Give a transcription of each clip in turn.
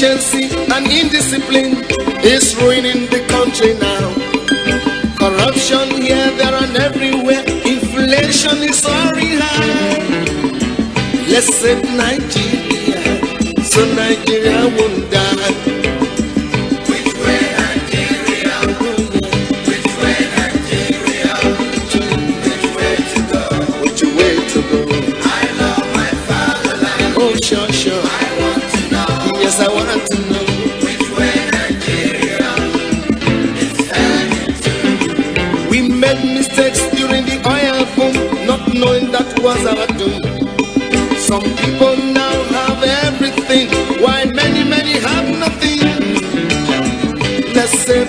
Inefficiency and indiscipline is ruining the country now. Corruption here, there, and everywhere. Inflation is very high. Let's save Nigeria so Nigeria will not Some people now have everything, while many, many have nothing. Let's save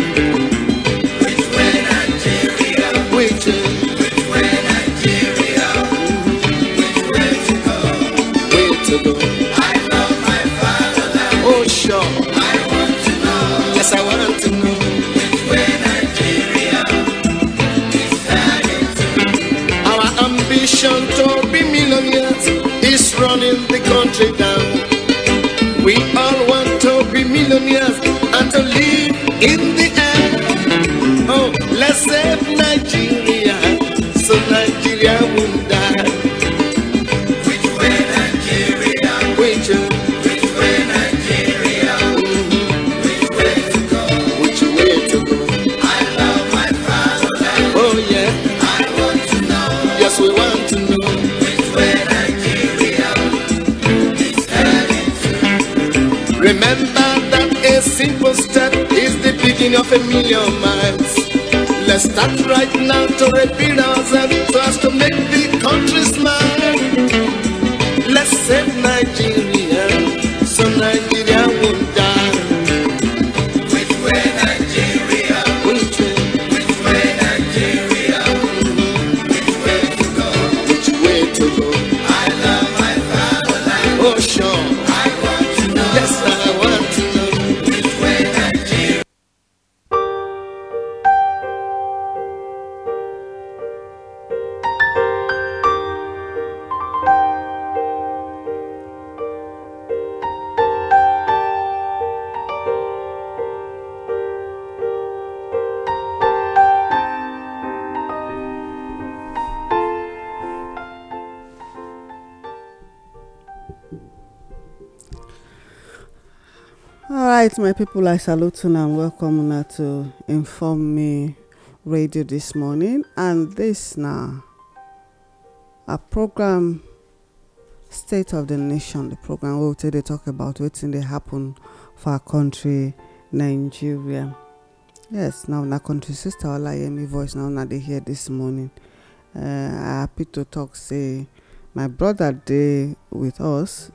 in the country now. We all want to be millionaires and to live in the air. Oh, let's save Nigeria. Let's start right now to repeat ourselves to make the country smile. Let's save Nigeria. All right, my people i salute you and welcome now to inform me radio this morning and this now a program state of the nation the program wey we take talk about wetin dey happen for our country nigeria yes now na country sister all I hear me voice now Now they hear this morning uh, i happy to talk say my brother dey with us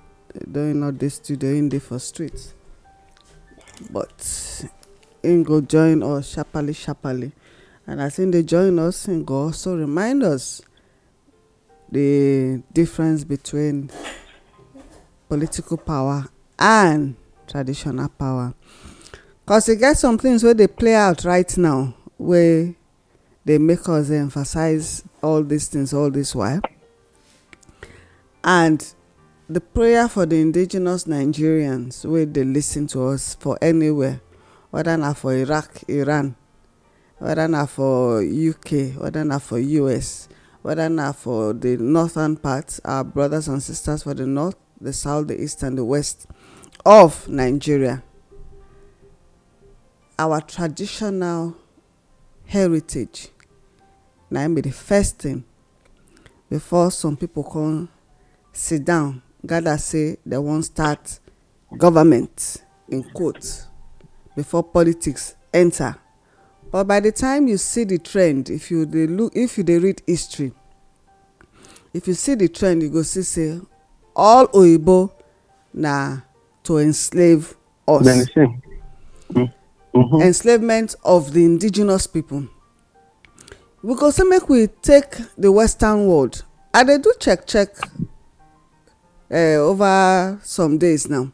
doing all this today in dey for street but him go join us sharparly sharparly and as him dey join us him go also remind us the difference between political power and traditional power cause e get some things wey dey play out right now wey dey make us emphasize all these things all this while and the prayer for the indigenous nigerians wey dey lis ten to us for anywhere whether na for iraq iran whether na for uk whether na for us whether na for the northern part our brothers and sisters for the north the south the east and the west of nigeria our traditional heritage na im be the first thing before some people come sit down gather say dem wan start government in quotes before politics enter but by the time you see the trend if you dey look if you dey read history if you see the trend you go see say all oyibo na to enslave us mm -hmm. enslavement of the indigenous people we go say make we take the western world i dey do check check Eh, over some days now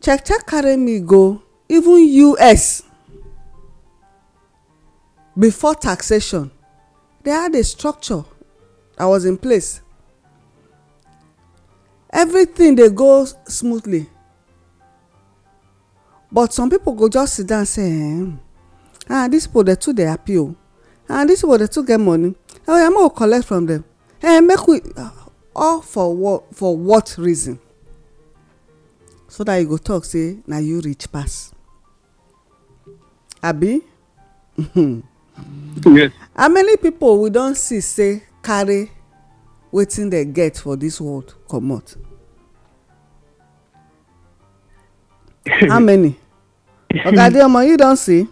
check check carry me go even us before taxation they had a structure that was in place everything dey go smoothly but some people go just sit down say hmm, ah these people dey too dey happy o oh. ah these people dey too get money oya oh, yeah, make we collect from them eh make we or for what for what reason so that you go talk say na you rich pass abi yes how many people we don see say carry wetin dem get for this world comot how many oga adeomo you don see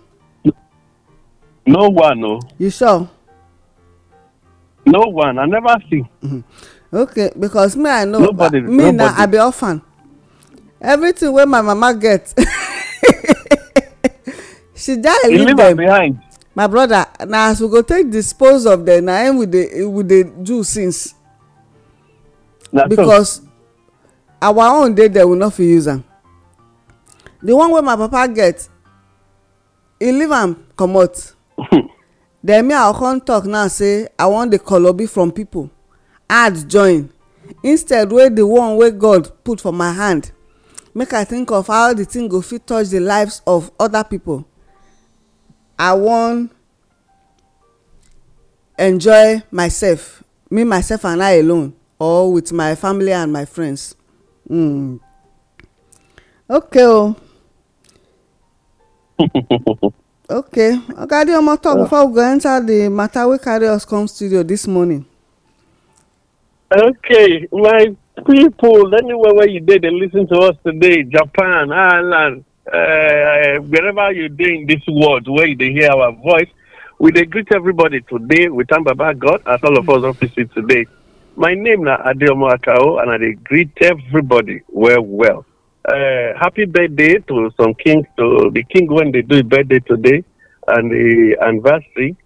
no one o you sure no one i never see mm-hmm okay because me i know nobody me na i be orphan everything wey my mama get she die leave dem my brother na as we go take dispose of dem na im we dey do since because our own dey there we no fit use am the one wey my papa get he leave am comot then me i come talk now say i wan dey kolobi from people add join instead wey the one wey god put for my hand make i think of how the thing go fit touch the lives of other people i wan enjoy myself me myself and i alone or with my family and my friends mm. okay o oh. okay oga adeomo talk before we go enter the matter wey carry us come studio this morning. Okay, my people, anywhere you did and listen to us today, Japan, Ireland, uh, wherever you're doing this world, where they hear our voice, we they greet everybody today. We thank Baba God as all of us officers today. My name is Adiomo Akao, and I greet everybody well, well. Uh, happy birthday to some kings. to the king when they do birthday today and the anniversary.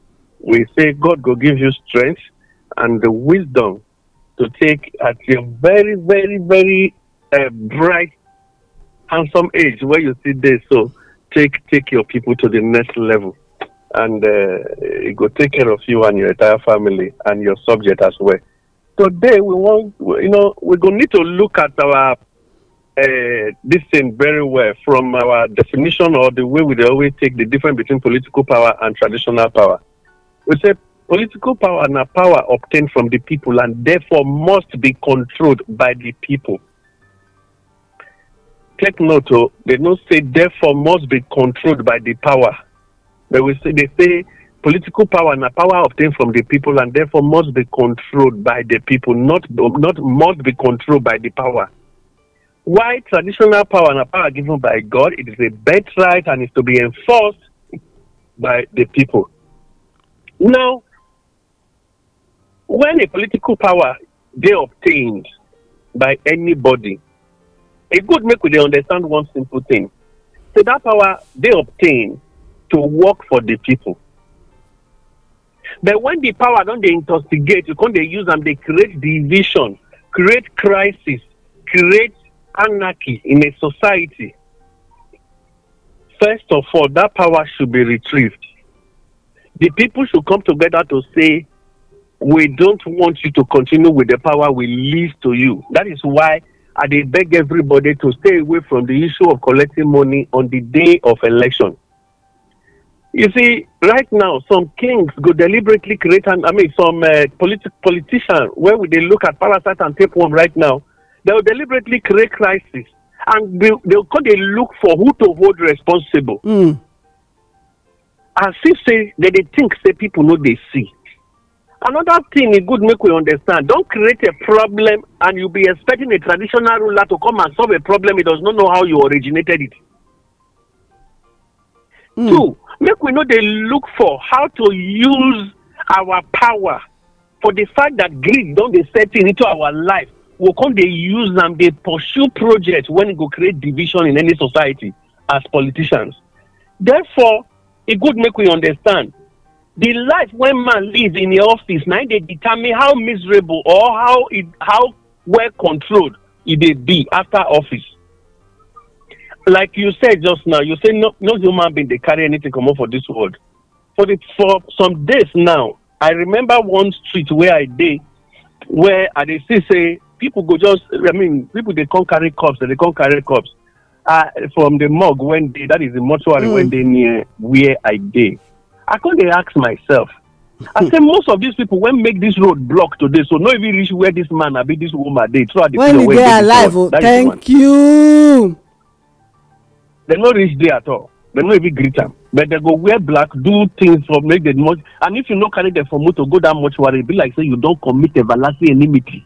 We say God will give you strength and the wisdom to take at a very, very, very uh, bright, handsome age where you see this. So take take your people to the next level, and uh, go take care of you and your entire family and your subject as well. Today we want, you know, we're gonna need to look at our uh, this thing very well from our definition or the way we always take the difference between political power and traditional power. We say Political power and a power obtained from the people and therefore must be controlled by the people. Take note, oh, they don't say therefore must be controlled by the power. They will say they say political power and a power obtained from the people and therefore must be controlled by the people, not not must be controlled by the power. Why traditional power and a power given by God, it is a birthright and is to be enforced by the people. Now, when a political power dey obtained by anybody e good make we dey understand one simple thing say that power dey obtained to work for the people but when the power don dey intoxicate you come dey use am dey create division create crisis create anarchy in a society first of all that power should be retrieved the people should come together to say we don't want you to continue with the power we leave to you. That is why I did beg everybody to stay away from the issue of collecting money on the day of election. You see, right now, some kings go deliberately create, an, I mean, some uh, politi- politician, where would they look at parasite and tapeworm right now? They will deliberately create crisis and they'll, they they look for who to hold responsible. Mm. As if say, they, they think, say, people know they see. another thing e good make we understand don create a problem and you be expecting a traditional ruler to come and solve a problem he does not know how you originated it. Mm. two make we no dey look for how to use our power for the fact that greed don dey set in into our life we come dey use am dey pursue project when e go create division in any society as politicians therefore e good make we understand the life when man lives in the office now they determine how miserable or how it how well controlled it may be after office like you said just now you say no no human being they carry anything come up for this world for the, for some days now i remember one street where i did where i did see say people go just i mean people they can't carry cups they can't carry cups uh, from the mug when they that is the mortuary mm. when they near where i did I can't ask myself. I say most of these people when make this road block today, so no even reach where this man I be this woman did. So I when they are alive, oh, thank you. They no reach there at all. They no even greet them. But they go wear black, do things for make them much. And if you no carry them for motor, go that much worry. Be like say you don't commit everlasting enmity.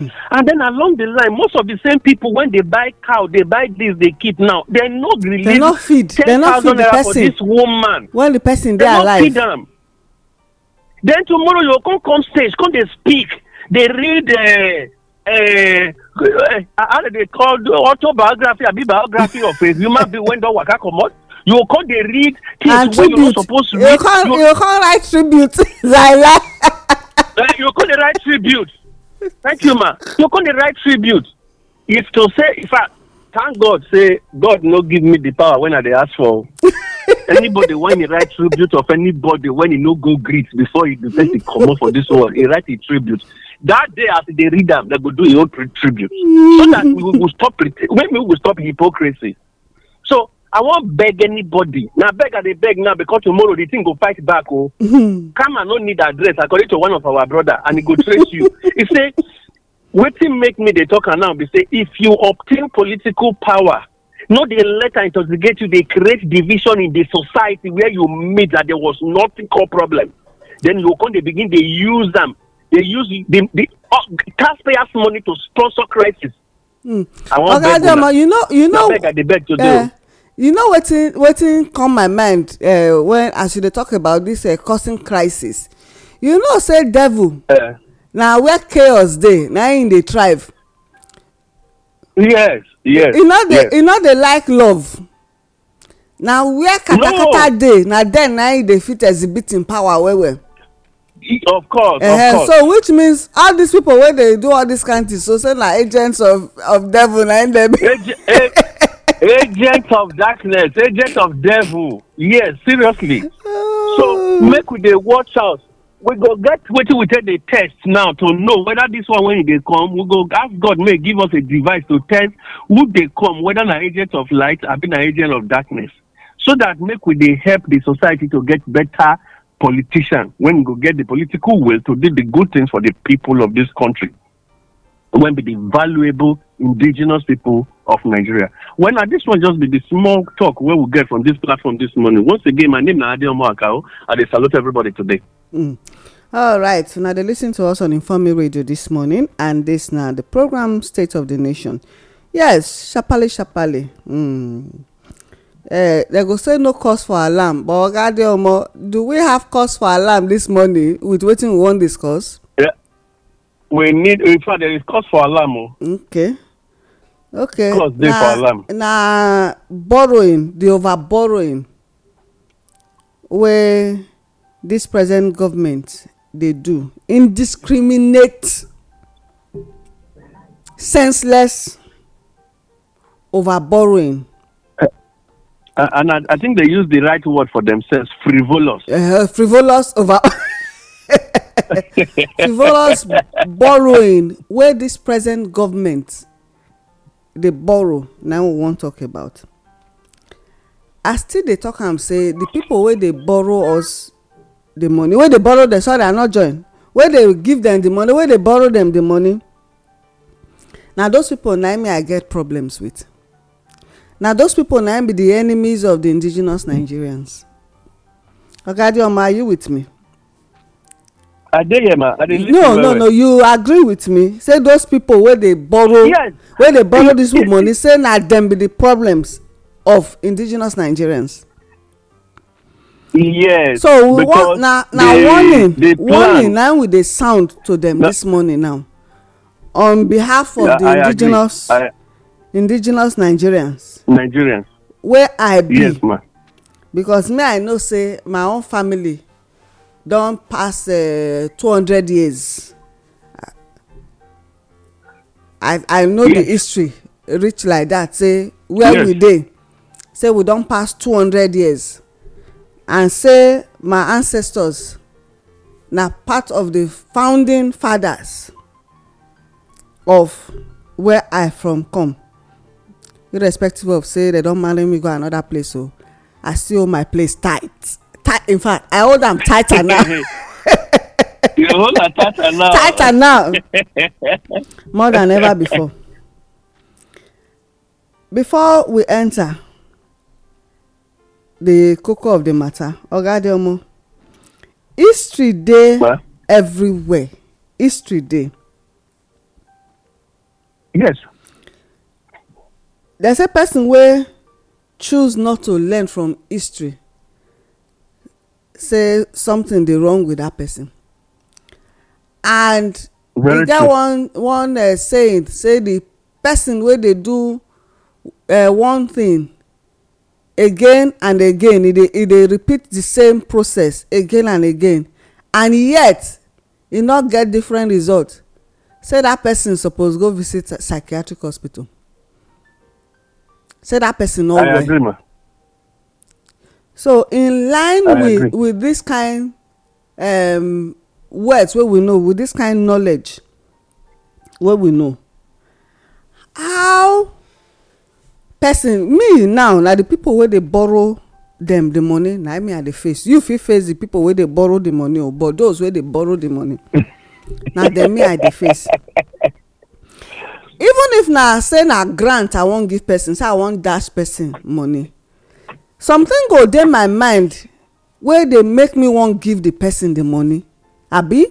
Mm. And then along the line, most of the same people, when they buy cow, they buy this, they keep now. They're not released. They're not feed. They're not feed the person. For this woman. When the person they alive. Feed them. Then tomorrow you come come stage, come they speak, they read. Uh, uh, uh how do they call the autobiography abi biography of a human being wey don waka comot you go come dey read things wey you no suppose read you go come write tribute like eh, you go come dey write tribute Thank you, ma. You can the right tribute. It's to say, if I thank God, say, God no give me the power when I they ask for. anybody when he write tribute of anybody when he no go greet before he defend the come for this world, he write a tribute. That day after they read them, they go do your own tribute. So that we will stop, maybe we will stop hypocrisy. I won't beg anybody. Now beg and they beg now because tomorrow the thing go fight back. Oh, mm come and no need address according to one of our brother, and he go trace you. He say, waiting make me the talker now. They say if you obtain political power, not the let and instigate you. They create division in the society where you meet that there was nothing core problem. Then you come they begin they use them. They use the, the uh, taxpayers' money to sponsor crisis. Mm. I want okay, Adama, you know, you know, I beg, I beg to uh, eh, do. Oh you know wetin wetin come my mind uh, when as you dey talk about this uh, eh, causing crisis you know say devil uh, na where chaos dey na him dey thrive. yes yes. e no dey e no dey like love na where katakata no. dey na then na him dey fit exhibit him power well well. of course uh -huh. of course. so which means all these people wey dey do all these kind things so say na agents of of devil na him dey be. agent of darkness agent of devil yes seriously so make we dey watch out we go get wetin we take dey test now to know whether this one wey they dey come we go ask god make give us a device to test who dey come whether na agent of light abi na agent of darkness so that make we dey help the society to get better politician when we go get the political will to do the good things for the people of this country when be the valuable indigenous people of Nigeria. Well, now this one just be the small talk where we get from this platform this morning. Once again, my name is Adeomo Akao, and I salute everybody today. Mm. All right, now they listen to us on Informe Radio this morning, and this now the program State of the Nation. Yes, Shapale Shapale. Mm. Uh, they go say no cause for alarm, but Oga Adeomo, do we have cause for alarm this morning with waiting one wan discuss? Yeah. We need, in fact, there is cause for alarm. Oh. Okay okay cost dey for land na borrowing the over borrowing wey this present government dey do indiscriminate senseless over borrowing uh, uh, and i i think they use the right word for themselves frivolous uh, frivolous over frivolous borrowing wey this present government dey borrow na we wan talk about i still dey talk am say the people wey dey borrow us the money wey dey borrow them sorry i no join wey dey give them the money wey dey borrow them the money na those people na me i get problems with na those people na be the enemies of the indigenous nigerians oga adeoma are you with me adeyema i no no no you agree with me say those people wey dey borrow yes wey dey borrow this money say na dem be the problems of indigenous nigerians. yes so we want na na warning warning na we dey sound to dem this morning now on behalf of the indigenous indigenous nigerians nigerians wey i be yes ma because me i know say my own family don pass eh, two hundred years i i know the history reach like that say where we dey say we don pass two hundred years and say my ancestors na part of the founding fathers of where i from come irrespective of say they don marry me go another place o oh, i still hold my place tight tight in fact i hold am tighter now. you hold am tighter now. tighter now more than ever before. before we enter the koko of the matter oga adeomo history dey everywhere history dey. yes. dem say person wey choose not to learn from history say something dey wrong with that person and we get one one uh, saying say the person wey dey do uh, one thing again and again e dey repeat the same process again and again and yet e no get different result say that person suppose go visit psychiatric hospital say that person no well so in line with with this kind um, words wey we know with this kind knowledge wey we know how person me now na the people wey dey borrow dem the money na me i dey face you fit face the people wey dey borrow the money o but those wey dey borrow the money na dem me i dey face even if na say na grant i wan give person say i wan dash person money something go dey my mind wey dey make me wan give the person the money abi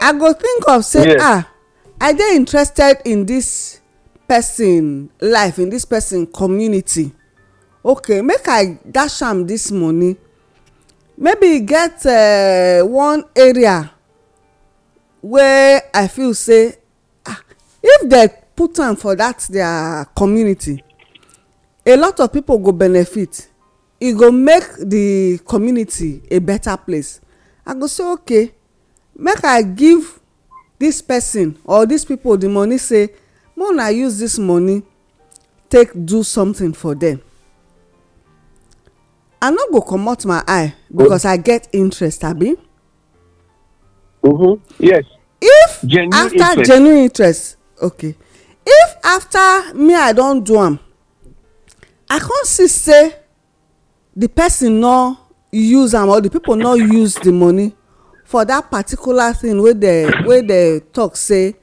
i go think of say ah i dey interested in this person life in this person community okay make i dash am this money maybe e get eh, one area wey i feel say ah if dem put am for that their community a lot of people go benefit e go make the community a better place i go say okay make i give this person or these people the money say make una use this money take do something for them i no go comot my eye because i get interest abi. Mm -hmm. yes. if genuine after interest. genuine interest okay if after me i don do am i come see say the person no use am or the people no use the money for that particular thing wey dey wey dey talk say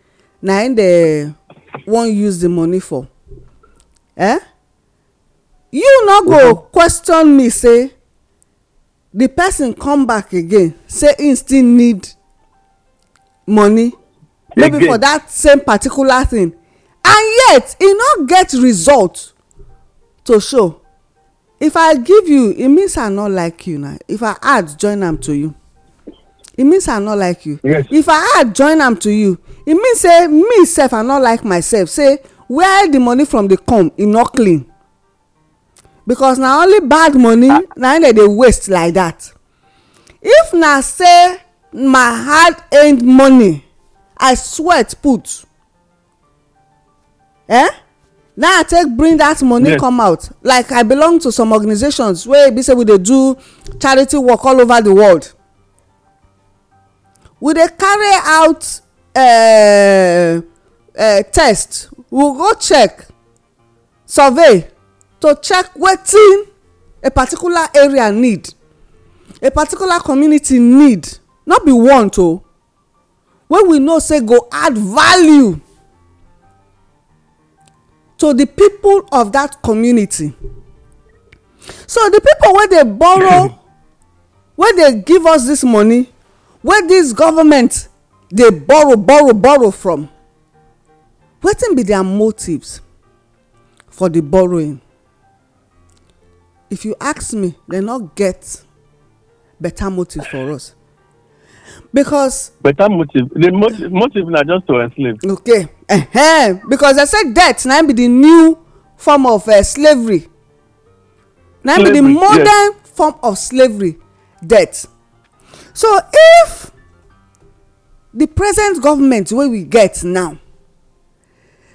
na im dey wan use the money for eh you no go um, question me say the person come back again say im still need money maybe for that same particular thing and yet e no get result to show if i give you e means i no like you na if i add join am to you e means i no like you yes if i add join am to you e mean say me sef i no like myself say where the money from dey come e no clean because na only bad money ah. na im dey dey waste like that if na say my hard earned money i sweat put eh Now, i take bring that money come out like i belong to some organizations wey be say we dey do charity work all over the world we dey carry out eh, eh, test we go check survey to check wetin a particular area need a particular community need not be want o wey we know say go add value to the people of that community so the people wey dey borrow wey dey give us this money wey this government dey borrow borrow borrow from wetin be their motives for the borrowing if you ask me they no get better motive for us because. better motive the motive motive na just to enslave. okay -huh. because dem say death na be the new form of eh, slavery na be the modern form of slavery death so if the present government wey we get now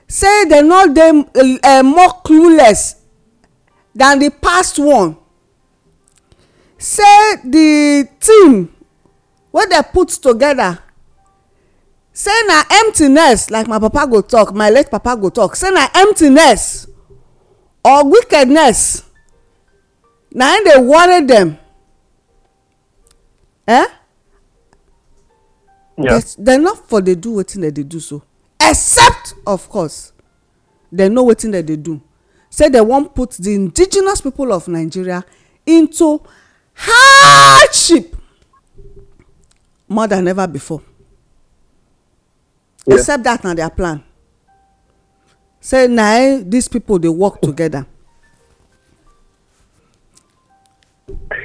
say dem no dey eh, more clueless than the past one say the team wey dem put together say na emptiness like my papa go talk my late papa go talk say na emptiness or wickedness na im dey worry dem eh yes dem not for dey do wetin dem dey do so except of course dem know wetin dem dey do say dem wan put di indigenous people of nigeria into hardship more than ever before except that na their plan say na eh, these people dey work together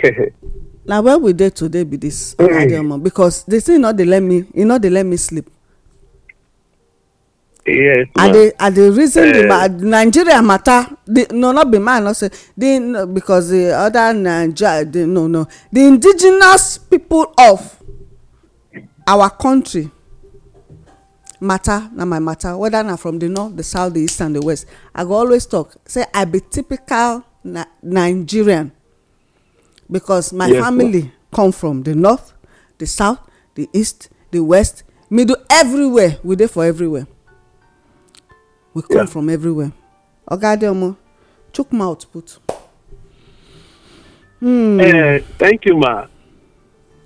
na where we dey today be this mm. adioma because the thing no dey let me e no dey let me sleep yes And the and the reason the eh. nigeria matter no not be mine no say because the other nigeria no no the indigenous people of our country matter na my matter whether na from the north the south the east and the west i go always talk say i be typical na nigerian because my yes, family sir. come from the north the south the east the west middle everywhere we dey for everywhere we come yeah. from everywhere oga adeomo chook mouth put. Hmm. Uh, thank you ma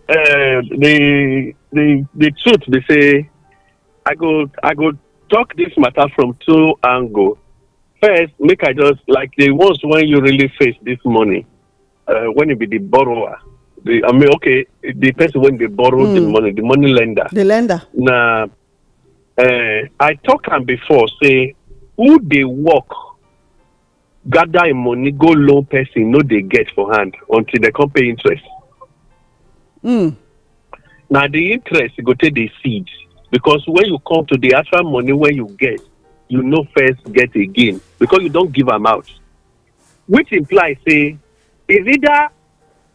uh, the the the truth be say I go I go talk this matter from two angles. First, make I just like the ones when you really face this money, uh, when you be the borrower. The, I mean, okay, the person when they borrow mm. the hmm. money, the money lender. The lender. Now, uh, I talk and before say who they work gather im money go loan person no they get for hand until dem come pay interest. Mm. na the interest go take the seed because when you come to the actual money when you get you no first get again because you don give am out which imply say is either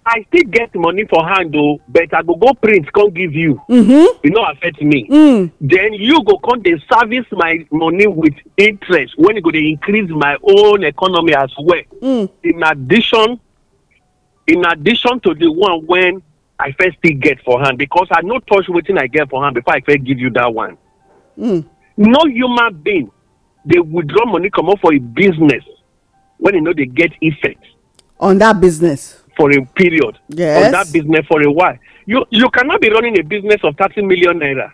i still get money for hand o but i go go print come give you e no affect me mm. then you go come dey service my money with interest when e go dey increase my own economy as well mm. in addition in addition to the one when I first still get for hand because I no touch wetin I get for hand before I first give you that one. Mm. No human being they withdraw money come comot for a business when you e know they get effect. On that business. For a period. Yes. On that business for a while. You you cannot be running a business of thirty million naira.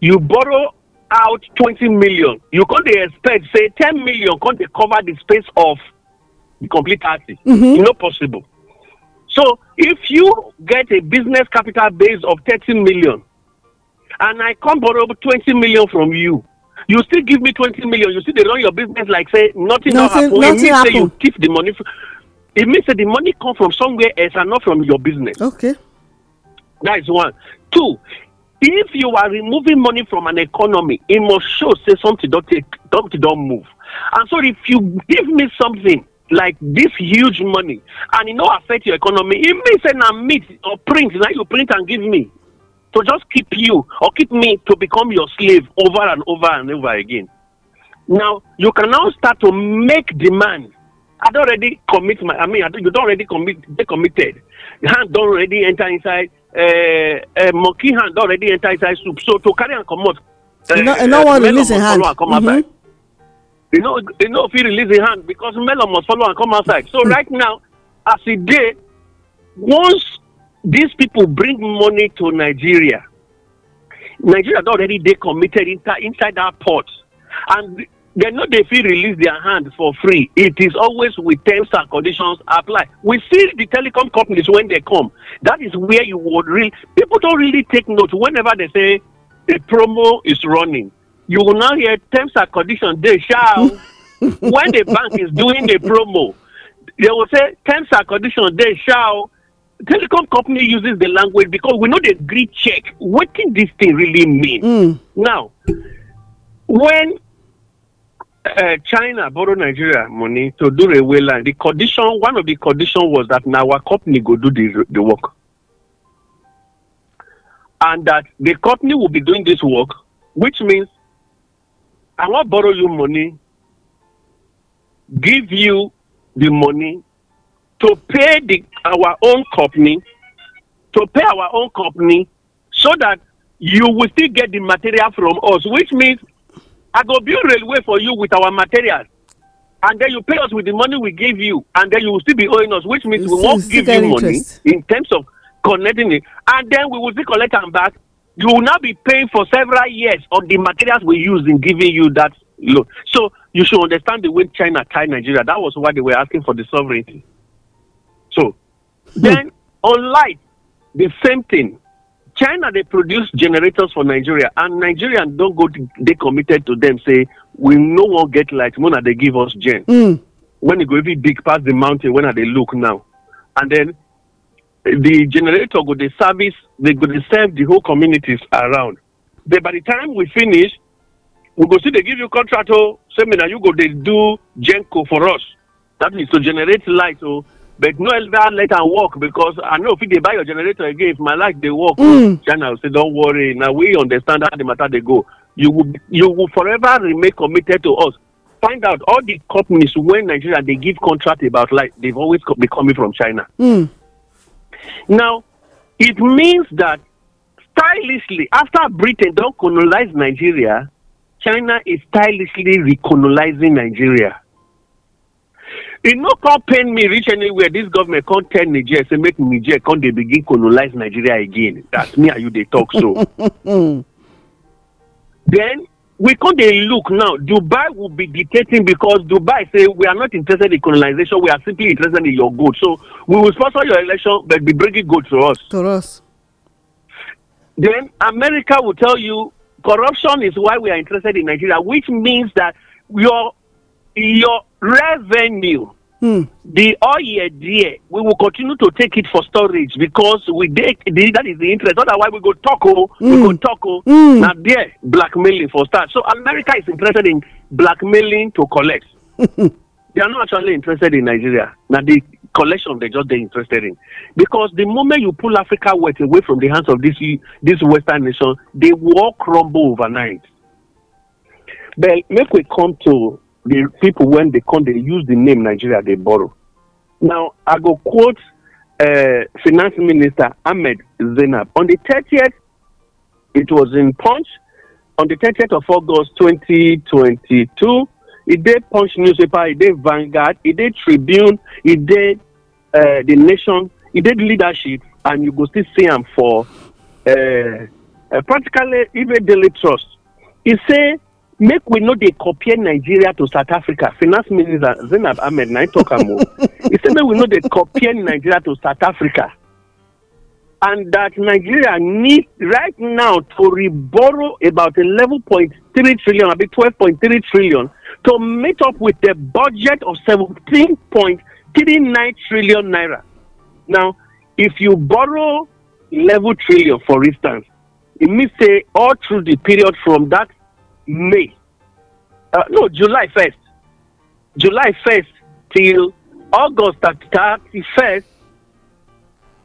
You borrow out twenty million. You can't expect say ten million can't dey cover the space of the complete thirty. Mm -hmm. no possible. So if you get a business capital base of 13 million and I come borrow 20 million from you, you still give me 20 million. You see, they run your business like say nothing, nothing happened. Nothing it means you keep the money. From, it means that the money come from somewhere else and not from your business. Okay. That is one. Two, if you are removing money from an economy, it must show say something don't take something don't move. And so if you give me something like this huge money and e no affect your economy e mean say na meat or print na you print and give me to just keep you or keep me to become your slave over and over and over again now you can now start to make demand i don already commit my i mean you don already commit dey committed hand don already enter inside uh, uh, monkey hand don already enter inside soup so to carry am comot. e no e no wan release im hand. They know they know if release the hand because Melon must follow and come outside. So hmm. right now, as a day, once these people bring money to Nigeria, Nigeria don already dey committed inside inside that port, and dem no dey fit release their hand for free. It is always with terms and conditions apply. We see the telecom companies when they come. That is where you would really people don't really take note whenever they say a promo is running. you will not hear terms and conditions they shall when the bank is doing the promo they will say terms and conditions they shall telecom company uses the language because we know the grid check what did this thing really mean mm. now when uh, China borrowed Nigeria money to do railway line. The condition, one of the conditions was that now our company go do the, the work. And that the company will be doing this work, which means I won't borrow you money, give you the money to pay the our own company, to pay our own company, so that you will still get the material from us, which means I go build railway for you with our materials. And then you pay us with the money we give you, and then you will still be owing us, which means we won't give you money in terms of connecting it. And then we will still collect them back you will now be paying for several years of the materials we use in giving you that loan. So you should understand the way China tied Nigeria. That was why they were asking for the sovereignty. So hmm. then on light, the same thing. China they produce generators for Nigeria, and Nigerians don't go. To, they committed to them. Say we no one get light. are they give us gen. Mm. When it go even big past the mountain, when are they look now? And then the generator go dey service they go dey serve the whole communities around then by the time we finish we go still dey give you contract o oh, say so, na you go dey do genco for us that means to generate light o oh. but no ever let am work because i no fit dey buy your generator again if my light dey work. Mm. Oh, china say don worry na we understand how the matter dey go you will you will forever remain committed to us find out all the companies wey nigeria dey give contract about light they've always be coming from china. Mm. Now, it means that stylishly, after Britain don't colonize Nigeria, China is stylishly recolonizing Nigeria. It no can pain me reach anywhere. This government can't tell Nigeria, say make Nigeria can't they begin colonize Nigeria again. That's me and you they talk so. then we come dey look now dubai will be dictating because dubai say we are not interested in colonization we are simply interested in your gold so we will sponsor your election but be bringing gold to us. to us. then america will tell you corruption is why we are interested in nigeria which means that your your revenue Mm. The year dear, we will continue to take it for storage because we take that is the interest. Otherwise, we go taco, oh. mm. we go taco. Mm. Oh. Hmm. Now there, blackmailing for start. So America is interested in blackmailing to collect. they are not actually interested in Nigeria. Now the collection they just they interested in, because the moment you pull Africa wealth away from the hands of this this Western nation, they will crumble overnight. But make we come to the people when they come, they use the name Nigeria, they borrow. Now, I go quote uh, Finance Minister Ahmed Zainab. On the 30th, it was in Punch. On the 30th of August 2022, it did Punch newspaper, it did Vanguard, it did Tribune, it did uh, The Nation, it did Leadership, and you go still see am for uh, uh, practically even Daily Trust. He say make we know dey compare nigeria to south africa finance minister zainab ahmed I talk am o e say make we know dey compare nigeria to south africa and that nigeria need right now to reborrow about eleven point three trillion abi twelve point three trillion to meet up with the budget of seventeen point three nine trillion naira now if you borrow eleven trillion for instance it means say all through the period from that May. Uh, no, July 1st. July 1st till August 31st,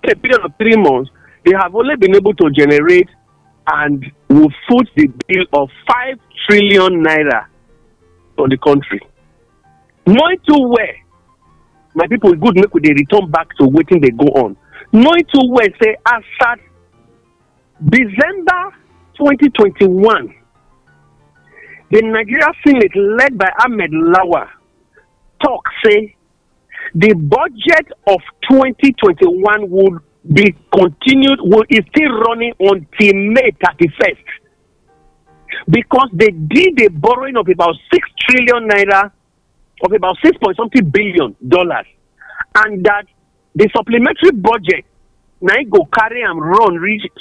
a period of three months, they have only been able to generate and will foot the bill of 5 trillion naira for the country. Knowing too well, my people, good make they return back to waiting they go on. Knowing too well, say, as at December 2021, the Nigeria Senate led by Ahmed Lawa talk say the budget of 2021 will be continued, will is still running until May 31st because they did a borrowing of about 6 trillion naira, of about 6 point something billion dollars, and that the supplementary budget now go carry and run.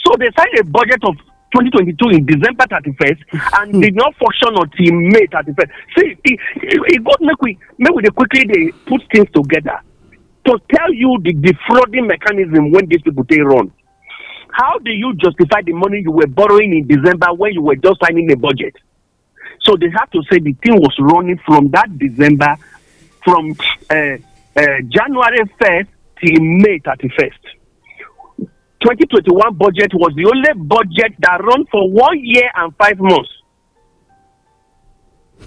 So they signed a budget of 2022 in December 31st hmm. and did not function until May 31st. See, it, it, it got make we make we quickly they put things together to tell you the defrauding mechanism when these people take run. How do you justify the money you were borrowing in December when you were just signing a budget? So they have to say the thing was running from that December, from uh, uh, January 1st till May 31st. 2021 budget was the only budget that run for one year and five months.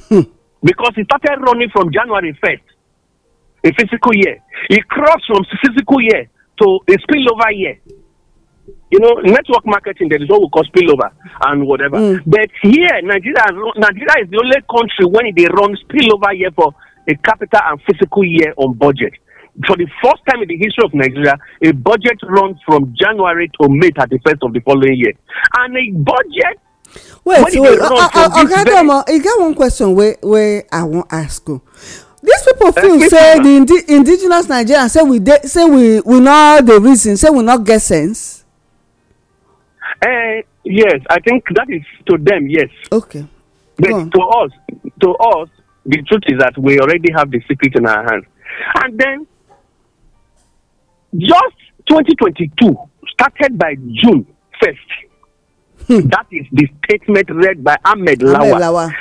Hmm. Because it started running from January 1st, a physical year. It crossed from physical year to a spillover year. You know, network marketing, there is what we call spillover and whatever. Mm. But here, Nigeria, Nigeria is the only country when they run spillover year for a capital and physical year on budget. for the first time in the history of Nigeria, a budget runs from January to May 31st of the following year. And a budget. Wait, wait, wait. Oga okay, I got one question Where, where I wan ask you. These people eh, feel uh, say the indi indigenous Nigerians say we dey say we we know the reason say we not get sense. Uh, yes, I think that is to them, yes. Okay. But to us, to us, the truth is that we already have the secret in our hands. And then Just 2022 started by June 1st. Hmm. That is the statement read by Ahmed Lawa. Ahmed Lawa.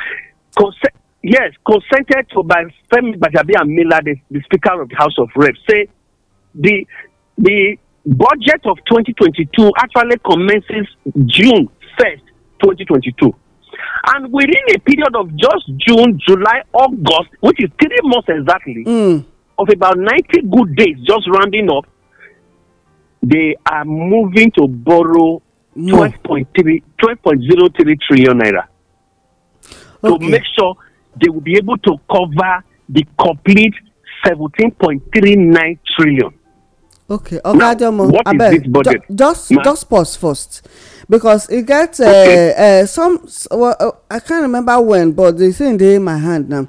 Conse- yes, consented to by Femi Bajabi and Miller, the, the Speaker of the House of Reps, say the the budget of 2022 actually commences June 1st, 2022. And within a period of just June, July, August, which is three months exactly, mm. of about 90 good days, just rounding up, they are moving to borrow no. 12.03 12.03 trillion naira okay. to make sure they will be able to cover the complete 17.39 trillion. okay Now, what oga adeomo abeg just just pause first because it gets uh, uh some uh, i can't remember when but the thing dey my hand now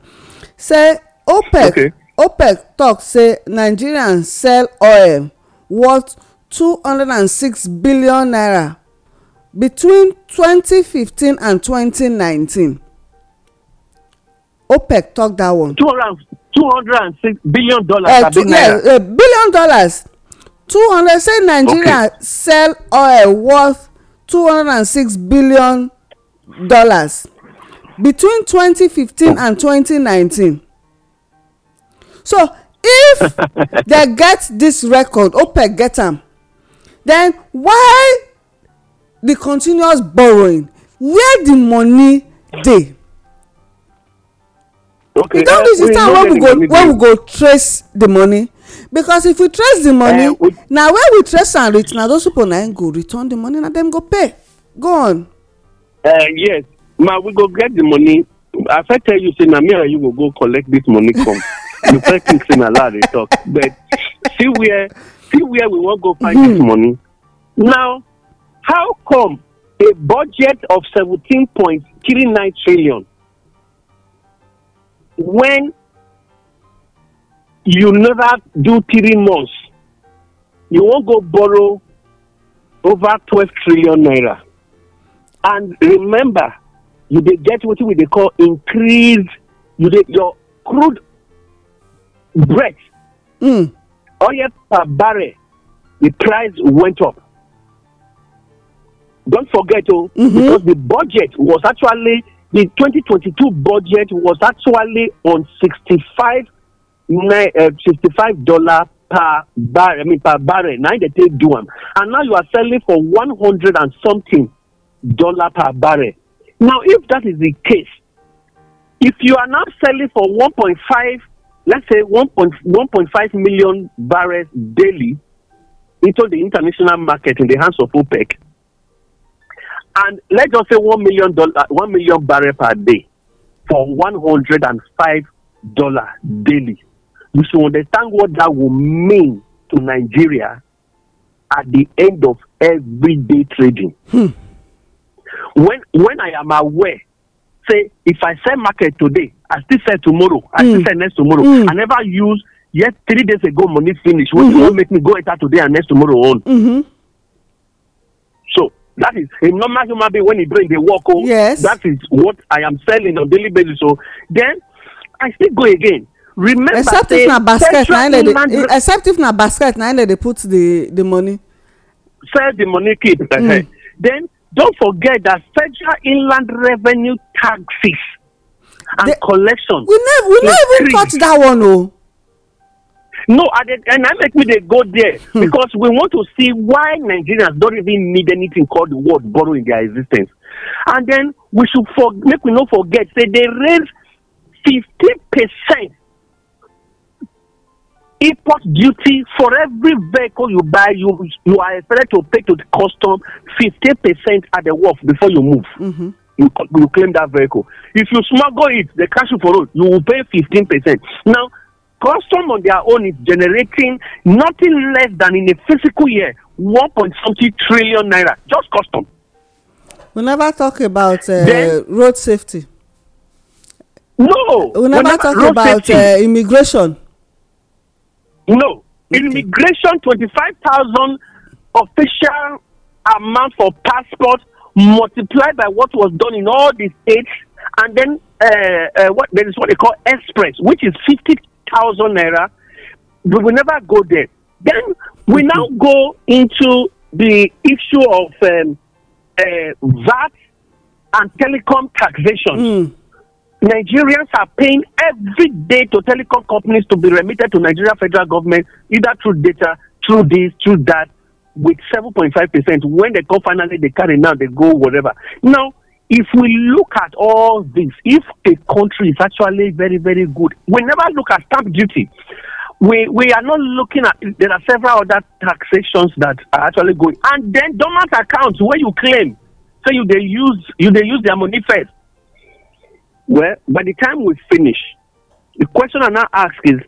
say opec Okay. opec tok say nigerians sell oil worth Two hundred and six billion naira between 2015 and 2019 opec talk that one. Two 206 billion dollars uh, two, naira. Yeah, uh, billion dollars Two hundred say nigeria okay. sell oil worth two hundred and six billion dollars between 2015 and 2019 so if dem get dis record opec get am then why the continuous borrowing where the money dey okay, e don reach the time wey we go wey we go trace the money because if we trace the money uh, na where we trace and reach na those people na go return the money na dem go pay go on. Uh, yes ma we go get the money i fit tell you say na me and you go go collect this money come you first think say na lie i dey talk but see where see where we won't go find mm-hmm. this hmm. money. Now, how come a budget of 17.39 trillion when you never do three months, you won't go borrow over 12 trillion naira. And remember, you they get what we they call increased you they, your crude bread mm oil per barrel, the price went up. Don't forget, oh, mm-hmm. because the budget was actually the 2022 budget was actually on 65 eh, dollar uh, per barrel. I mean per barrel. Now they take one, and now you are selling for 100 and something dollar per barrel. Now, if that is the case, if you are now selling for 1.5 let's say 1.5 million barrels daily into the international market in the hands of OPEC, and let's just say one million dollar, one million barrel per day for 105 dollar daily. You should understand what that will mean to Nigeria at the end of everyday trading. Hmm. When when I am aware say if i sell market today i still sell tomorrow i mm. still sell next tomorrow mm. i never use yet three days ago money finish wetin mm -hmm. make me go enter today and next tomorrow on. Mm -hmm. so that is a normal human being when he brain the work home. Oh, yes that is what i am selling on daily basis so, oh. then i still go again remember except if na basket na dey except if na basket na dey put the the money. sell the money keep. Mm. Eh, eh. then Don't forget that federal inland revenue taxes and the, collection. We never we never even touch that one, oh. No, I did, and I make me they go there hmm. because we want to see why Nigerians don't even need anything called the word borrowing their existence. And then we should for, make we not forget say they raise fifty percent import duty for every vehicle you buy you you are expected to pay to the custom fifty percent at the wharf before you move. Mm-hmm. You, you claim that vehicle. If you smuggle it, they catch you for road. You will pay fifteen percent. Now, custom on their own is generating nothing less than in a physical year one point something trillion naira just custom. We never talk about uh, then, road safety. No, we never, we never talk about uh, immigration. No. Immigration, 25,000 official amount for passport multiplied by what was done in all the states. And then uh, uh, what there is what they call express, which is 50,000 naira. We will never go there. Then we now go into the issue of um, uh, VAT and telecom taxation. Mm. Nigerians are paying every day to telecom companies to be remitted to Nigeria federal government, either through data, through this, through that, with 7.5%. When they come finally, they carry now, they go whatever. Now, if we look at all this, if a country is actually very, very good, we never look at stamp duty. We, we are not looking at, there are several other taxations that are actually going. And then dormant accounts where you claim, say so you they use, you they use their money first. Well, by the time we finish, the question I now ask is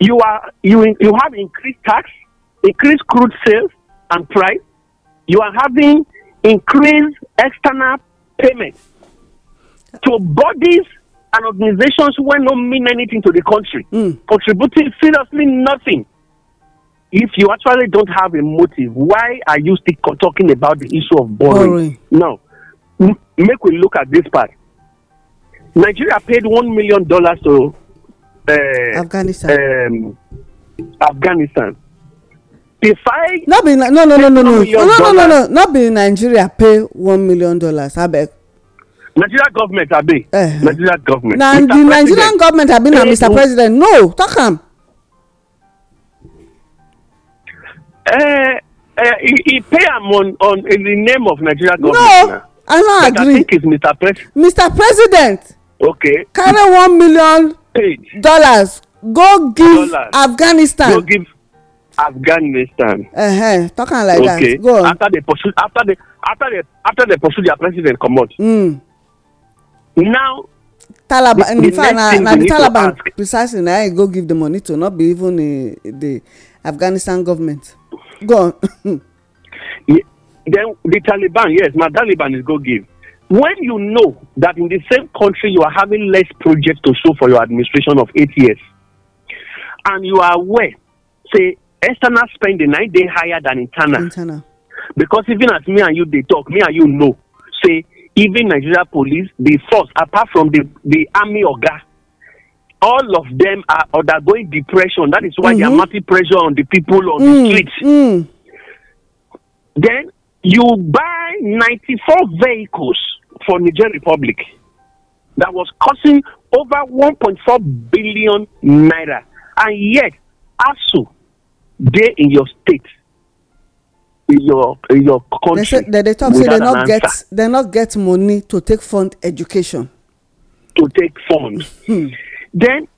you are you you have increased tax, increased crude sales and price. You are having increased external payments to bodies and organizations who don't mean anything to the country, mm. contributing seriously nothing. If you actually don't have a motive, why are you still talking about the issue of borrowing? borrowing. No, make we look at this part. Nigeria paid one million dollars to uh, Afghanistan. Um, Afghanistan. The five. No be no no no no no no no no no no be Nigeria pay one million dollars I beg. Nigeria government abi. Uh, Nigeria government. Na the President Nigerian government abi na Mr President no talk am. Uh, uh, he, he pay him on on in the name of Nigeria government. No, I no agree. I think it's Mr President. Mr President okay. carry one million dollars go give dollars. afghanistan. go give afghanistan. Uh-huh. talk am like okay. that go on. after they pursue after they after they after they pursue their president comot. Mm. now. taliban in fact na na the taliban precisely na im go give the money to not be even uh, the afghanistan government go on. yeah, then the taliban yes na taliban is go give when you know that in the same country you are having less projects to show for your administration of eight years, and you are aware, say, external spending nine days higher than internal. internal. Because even as me and you they talk, me and you know, say, even Nigeria police, the force, apart from the, the army orga, all of them are undergoing depression. That is why mm-hmm. they are mounting mm-hmm. pressure on the people on mm the streets. mm Then you buy 94 vehicles for Niger Republic that was costing over 1.4 billion naira. And yet, ASU, they in your state, in your, in your country. They, said, they, they talk, say they not, get, they not get money to take fund education. To take fund. Hmm. then,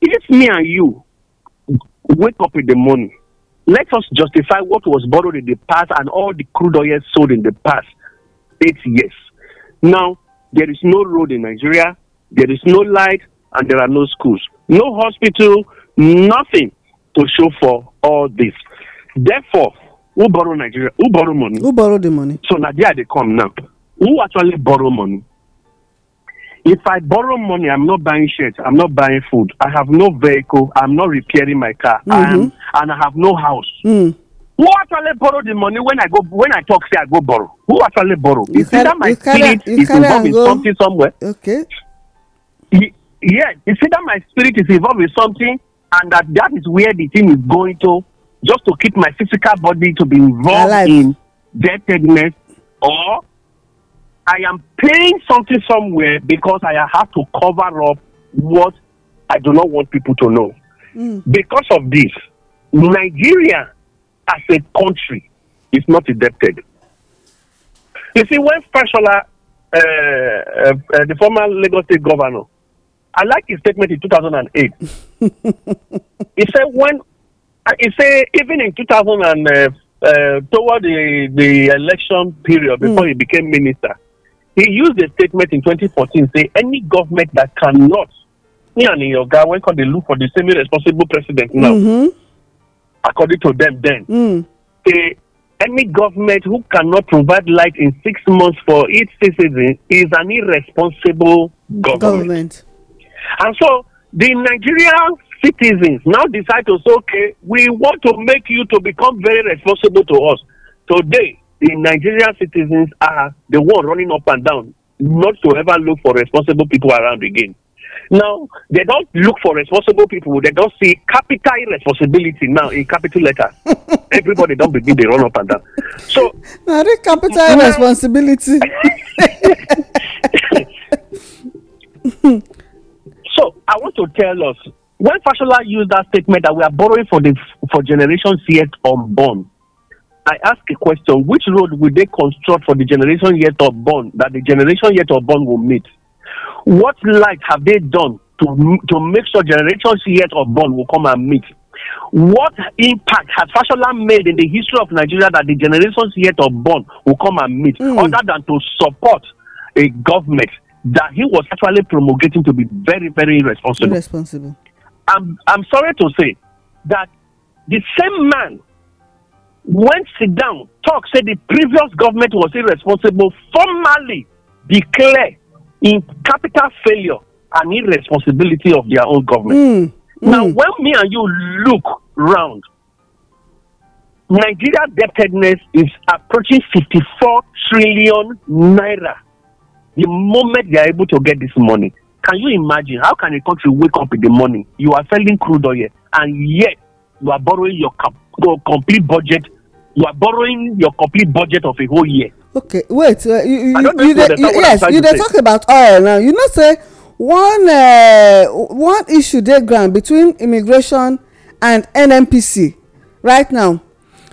if me and you wake up in the morning, let us justify what was borrowed in the past and all the crude oil sold in the past eight years. Now, there is no road in Nigeria, there is no light, and there are no schools, no hospital, nothing to show for all this. Therefore, who borrow Nigeria? Who borrow money? Who borrow the money? So now there they come now. Who actually borrow money? If I borrow money, I'm not buying shirts, I'm not buying food, I have no vehicle, I'm not repairing my car, mm-hmm. I am, mm-hmm. and I have no house. Mm. who actually borrow the money when I go when I talk say I go borrow? Who actually borrow? You is that my spirit is involved in something somewhere? Okay. Yes, yeah, you see that my spirit is involved in something and that that is where the thing is going to just to keep my physical body to be involved like. in deadness or I am paying something somewhere because I have to cover up what I do not want people to know. Mm. Because of this, Nigeria as a country is not indebted. You see, when Fashola, uh, uh, uh, the former Lagos State governor, I like his statement in 2008. he said when he said even in 2000 and uh, uh, toward the the election period before mm. he became minister, he used a statement in 2014 say any government that cannot me and Yoga when can they look for the semi responsible president now. Mm-hmm. according to them then, mm. say any government who cannot provide light in six months for its citizen is an irresponsible government. government. And so the Nigerian citizens now decide to say, okay, we want to make you to become very responsible to us. Today, the Nigerian citizens are the one running up and down, not to ever look for responsible people around again. Now, they don't look for responsible people. They don't see capital responsibility now in capital letter. Everybody don't believe they run up and down. So now the capital now, responsibility. so I want to tell us when Fashola used that statement that we are borrowing for the for generations yet unborn. I ask a question: Which road will they construct for the generation yet unborn that the generation yet unborn will meet? What light have they done to, to make sure generations yet unborn will come and meet? What impact has Fashola made in the history of Nigeria that the generations yet unborn will come and meet, mm. other than to support a government that he was actually promulgating to be very, very irresponsible? Irresponsible. I'm, I'm sorry to say that the same man went sit down, talk, said the previous government was irresponsible, formally declare in capital failure and irresponsibility of their own government. Mm. Now, mm. when me and you look round, Nigeria debtedness is approaching 54 trillion naira. The moment they are able to get this money, can you imagine how can a country wake up in the morning? You are selling crude oil, and yet you are borrowing your, cap- your complete budget. You are borrowing your complete budget of a whole year. okay wait uh, you you you dey yes you dey talk about oil now you know say one uh, one issue dey ground between immigration and nnpc right now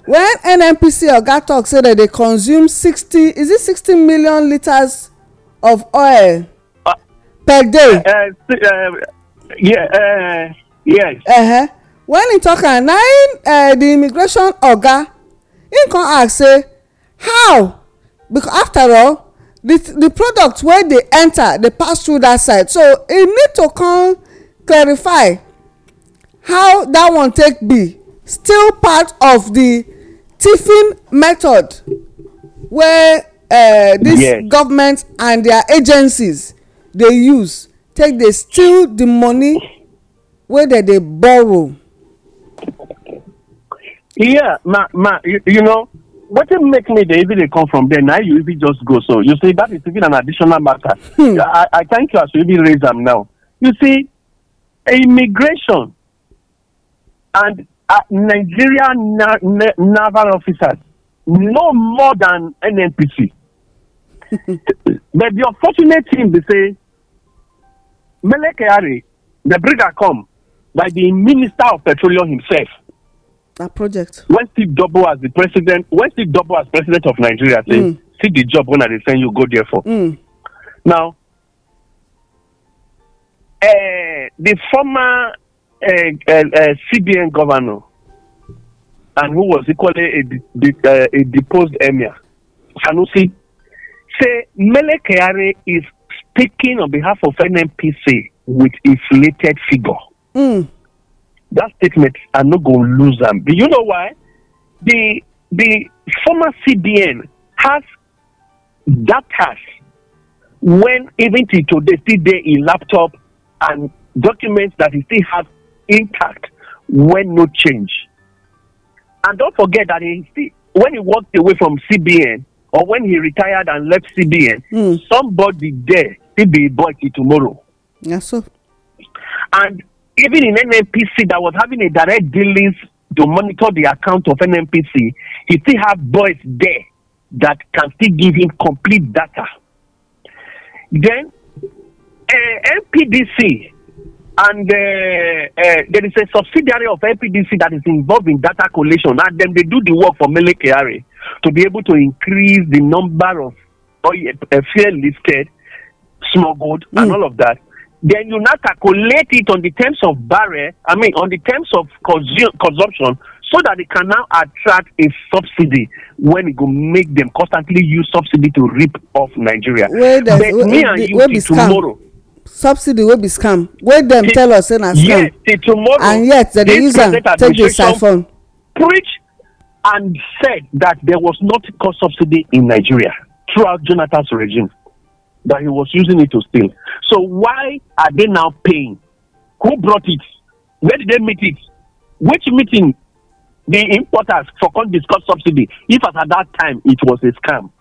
when nnpc oga talk say dem dey consume sixty is it sixty million litres of oil uh, per day. Uh, uh, yeah, uh, yes. Uh -huh. when he talk am na him uh, the immigration oga him come ask say how because after all the the product wey dey enter dey pass through that side so e need to come clarify how that one take be still part of the tiffin method wey uh, eh, this yes. government and their agencies dey use take dey steal the money wey dem dey borrow. yeah ma ma you, you know What wetin make me They even come from there Now you even just go so you see that is even an additional matter hmm. i i thank you as you even raise them now you see immigration and uh, nigerian na na naval officers no more than nnpc but the unfortunate thing they say meleke ari the brigadier come by the minister of petroleum himself na project. when steve double as the president when steve double as president of nigeria say mm. see the job wey i dey send you go there for. Mm. now uh, the former uh, eh, uh, eh, cbn governor and who was equally a, a, a deposed emir sanusi say mele kyari is speaking on behalf of nnpc with inflated figure. Mm. that statement I'm not going to lose them. Do you know why? The the former CBN has that has when even till today still there in laptop and documents that he still has intact when no change. And don't forget that he still, when he walked away from CBN or when he retired and left CBN, mm. somebody there still be boy tomorrow. Yes, sir. And even in NNPC that was having a direct dealings to monitor the account of NNPC, he still have boys there that can still give him complete data. Then uh, eh, MPDC and uh, uh, there is a subsidiary of MPDC that is involved in data collation, and then they do the work for Mele to be able to increase the number of oil uh, fuel listed, smuggled, mm. and hmm. all of that. then you now calculate it on the terms of barrel, I mean, on the terms of consumption, so that they can now attract a subsidy when it go make them constantly use subsidy to rip off Nigeria. Where does, but where, me and you where be tomorrow. Subsidy will be scam. Where them tell us in a scam. Yes, till tomorrow. And yet the user take the siphon. Preach and said that there was not cost subsidy in Nigeria throughout Jonathan's regime. that he was using it to steal. So why are they now paying? Who brought it? Where did they meet it? Which meeting? The importers for can discuss subsidy. If at that time it was a scam.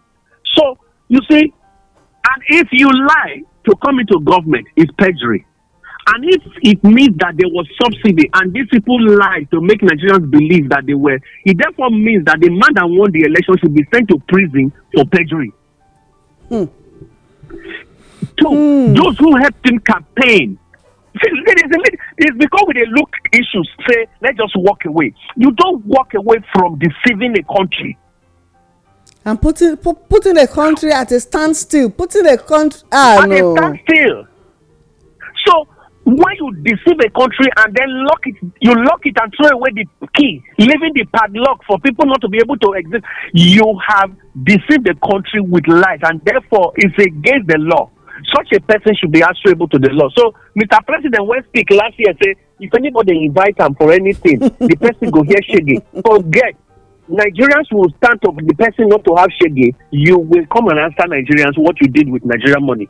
So you see, and if you lie to come into government, it's perjury. And if it means that there was subsidy and these people lied to make Nigerians believe that they were, it therefore means that the man that won the election should be sent to prison for perjury. Mm. To mm. those who helped him campaign. See, ladies and ladies, it's because we they look issues, say, let's just walk away. You don't walk away from deceiving a country. And putting put, putting a country at a standstill, putting a country ah, at no. a standstill. So when you deceive a country and then lock it, you lock it and throw away the key, leaving the padlock for people not to be able to exist, you have deceived the country with lies, and therefore it's against the law. Such a person should be answerable to the law. So, Mr. President, when speak last year, say if anybody invite him for anything, the person go hear shaggy. Forget. Nigerians will stand up. The person not to have shaggy, you will come and answer Nigerians what you did with Nigerian money.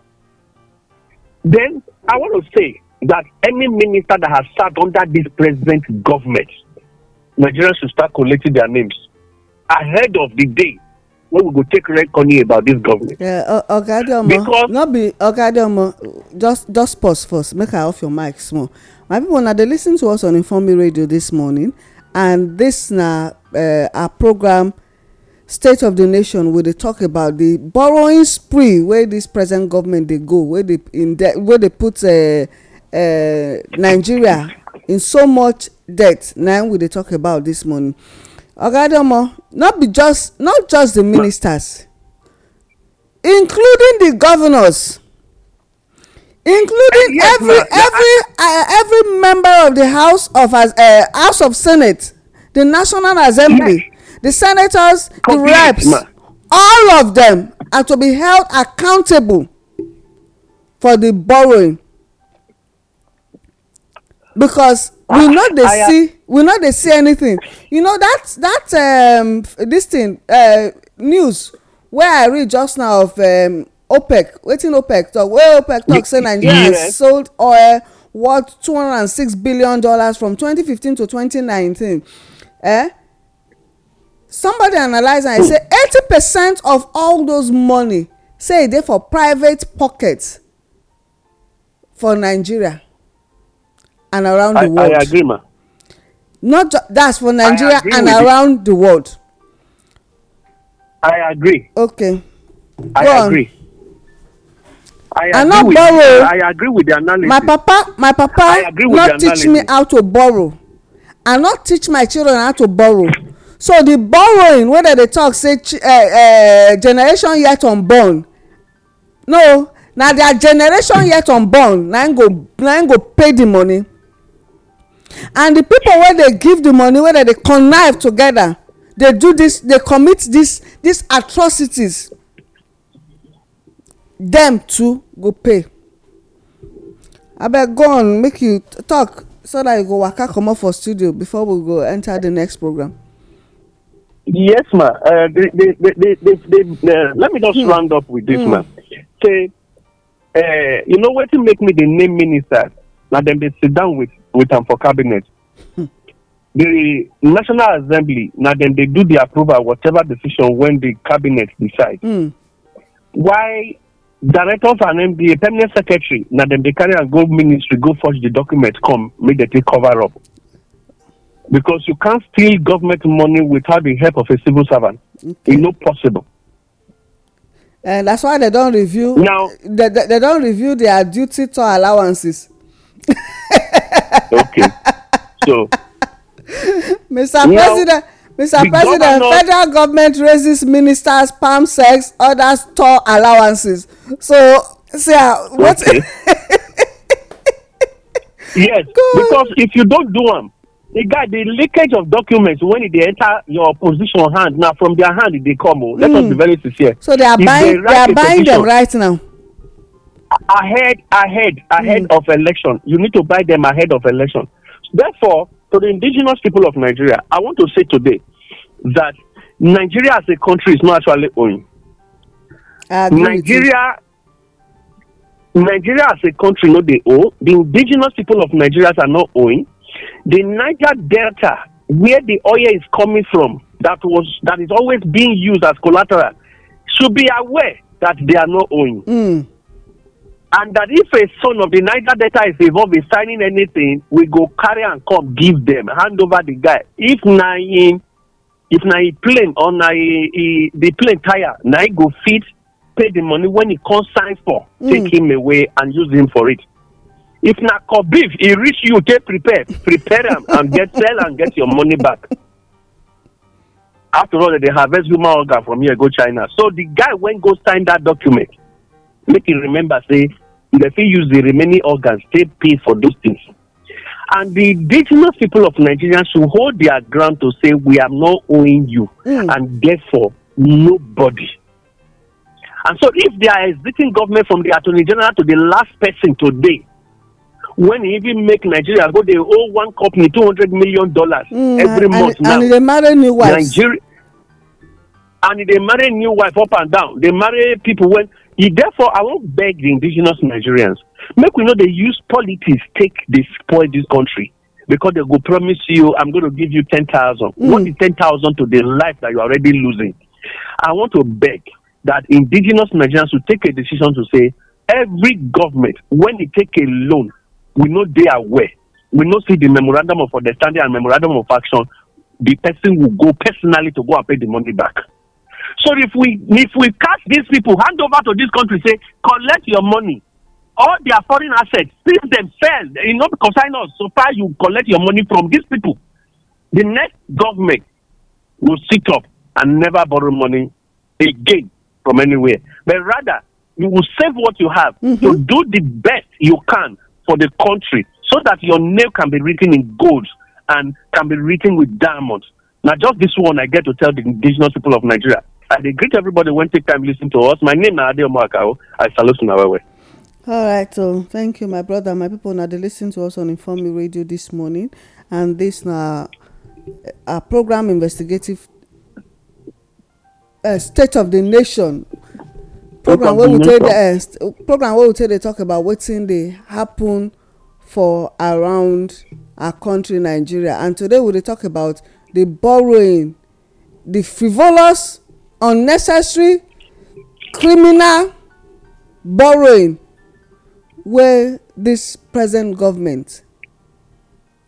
Then I want to say that any minister that has sat under this present government, Nigerians should start collecting their names ahead of the day when we go take reckoning about this government. Yeah, Uh, Ogadomo, because not be Ogadomo, just just pause first. Make I off your mic small. My people, now they listen to us on Inform Radio this morning, and this now uh, eh, our program. state of the nation we dey talk about the borrowing spree where this present government they go where they in where they put uh, Uh, nigeria in so much debt na we dey talk about this morning oga adeomo not be just not just the ministers including the governors including every every uh, every member of the house of as uh, house of senate the national assembly the senators the reps all of them are to be held accountable for the borrowing because we ah, no dey see we no dey see anything you know that that um, this thing uh, news wey i read just now of um, opec wetin opec talk wey opec talk say nigeria yes. sold oil worth two hundred and six billion dollars from twenty fifteen to twenty nineteen eh somebody analyse am say eighty percent of all those money say e dey for private pockets for nigeria and around I, the world. I agree, ma. Not that's for Nigeria and around you. the world. I agree. Okay. I Go agree. On. I agree, not with, borrow. I agree with the analysis. My papa, my papa, not teach me how to borrow. I not teach my children how to borrow. So the borrowing, whether they talk say uh, uh, generation yet unborn, no, now their generation yet unborn, Now go na go pay the money and the people wey dey give the money wey dem dey connive together, dey do this. dey commit this dis atrocities dem too go pay abeg go on make you talk so that you go waka comot for studio before we go enter the next program. yes ma uh, they, they, they, they, they, uh, let me just mm. round up with this mm. ma say uh, you know wetin make me dey name minister na dem dey sit down with wit am for cabinet hmm. the national assembly na dem dey do the approval whatever decision when the cabinet decide mm. why director of an mba permanent secretary na dem dey carry am go ministry go forge the document come make dem take cover up because you can't steal government money without the help of a civil servant okay. e no possible. and eh, that's why they don review now they, they, they don review their duty to allowances. okay. So, Mr. Now, President, Mr. President, governor, federal government raises ministers' palm sex, others, tall allowances. So, sir, uh, what? Okay. yes, Good. because if you don't do them, the guy, the leakage of documents when they enter your position hand now from their hand they come. Oh, let mm. us hmm. be very sincere. So they are if buying, they, they are buying them right now. ahead, ahead, ahead mm. of election. You need to buy them ahead of election. Therefore, to the indigenous people of Nigeria, I want to say today that Nigeria as a country is not actually owing. Nigeria, Nigeria as a country, no, they owe. The indigenous people of Nigeria are not owing. The Niger Delta, where the oil is coming from, that was that is always being used as collateral, should be aware that they are not owing. Mm and that if a son of the Niger Delta is involved in signing anything, we go carry and come give them, hand over the guy. If na in, if na in plane or na in, the plane tire, na go fit pay the money when he comes sign for, mm. take him away and use him for it. If na beef, he reach you, take prepare, prepare him and get sell and get your money back. After all, they harvest human organ from here go China. So the guy when go sign that document, make him remember say they fit use the remaining organs take pay for those things. And the indigenous people of Nigeria should hold their ground to say, We are not owing you, mm. and therefore, nobody. And so, if they are exiting government from the Attorney General to the last person today, when he even make Nigeria go, they owe one company $200 million mm, every and, month and, now. And they marry new wife. Nigeria, and they marry new wife up and down. They marry people when you, therefore, I won't beg the indigenous Nigerians, make we know they use politics take this spoil this country because they will promise you, I'm going to give you 10,000. Mm. What is 10,000 to the life that you're already losing? I want to beg that indigenous Nigerians to take a decision to say every government, when they take a loan, we know they are aware. We know see the memorandum of understanding and memorandum of action. The person will go personally to go and pay the money back. So if we if we catch these people, hand over to this country, say collect your money, all their foreign assets, please them sell. You not consign us. So far, you collect your money from these people. The next government will sit up and never borrow money again from anywhere, but rather you will save what you have You mm-hmm. do the best you can for the country, so that your name can be written in gold and can be written with diamonds. Now, just this one, I get to tell the indigenous people of Nigeria I greet everybody when take time listen to us. My name na Ade Omoakao. I salute una well well. All right, so oh, thank you, my brother, my people. Now they listen to us on Inform Radio this morning, and this now eh, our program investigative uh, state of the nation program wey we take dey eh, program wey we take dey talk about wetin dey happen for around our country nigeria and today we dey talk about the borrowing the frivolous unnecessary criminal borrowing wey this present government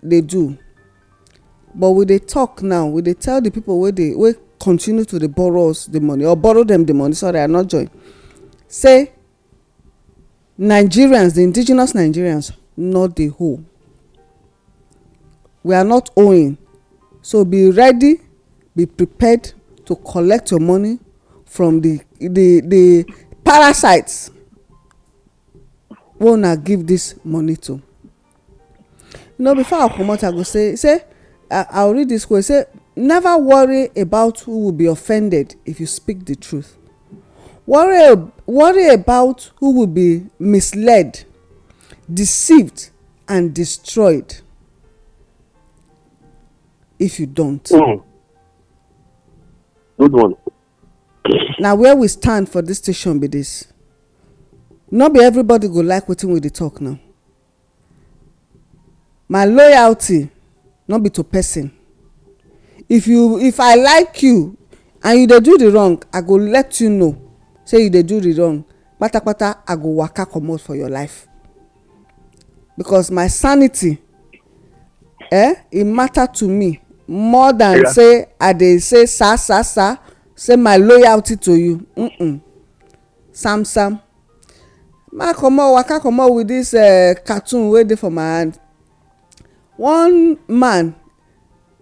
dey do but we dey talk now we dey tell di pipo wey continue to dey borrow us di money or borrow them the money sorry i not join say nigerians the indigenous nigerians no dey owe we are not owing so be ready be prepared to collect your money from the the the parasites wey una give this money to you know before i comot i go say say i will read this quote say never worry about who will be offended if you speak the truth worry worry about who will be misled deceived and destroyed if you don't. Mm good one na where we stand for dis station be dis not be everybody go like wetin we dey talk now my loyalty not be to person if you if i like you and you dey do the wrong i go let you know say you dey do the wrong kpatakpata i go waka comot for your life because my sanity eh e matter to me more than yeah. say i dey say sa sa sa say my loyalty to you mm -mm. sam sam ma comot waka comot with this uh, cartoon wey dey for my hand one man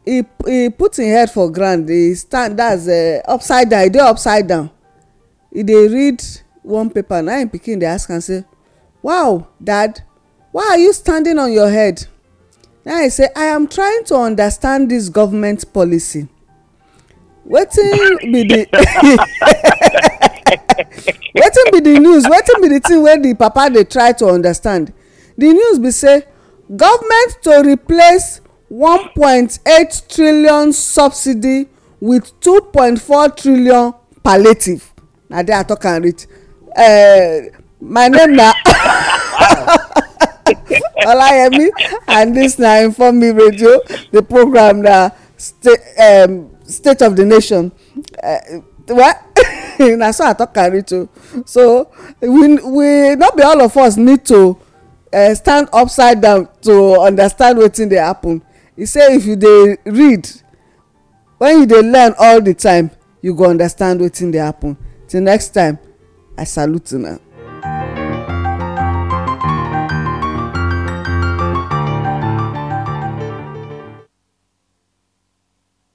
he he put him head for ground he stand that's uh, upside down he dey upside down he dey read one paper na him pikin dey ask am say wow dad why are you standing on your head now i say i am trying to understand this government policy wetin be di wetin be the news wetin be the thing wey the papa dey try to understand The news be say government to replace 1.8 trillion subsidy with 2.4 trillion palliative na there i talk am reach eh, my name na Olayemi, and this na Inform Me Radio, the program na state, um, state of the nation. Uh, well, na so I talk carry to. So we we not be all of us need to uh, stand upside down to understand wetin dey happen. E say if you dey read, when you dey learn all the time, you go understand wetin dey happen. Till next time, I salute una.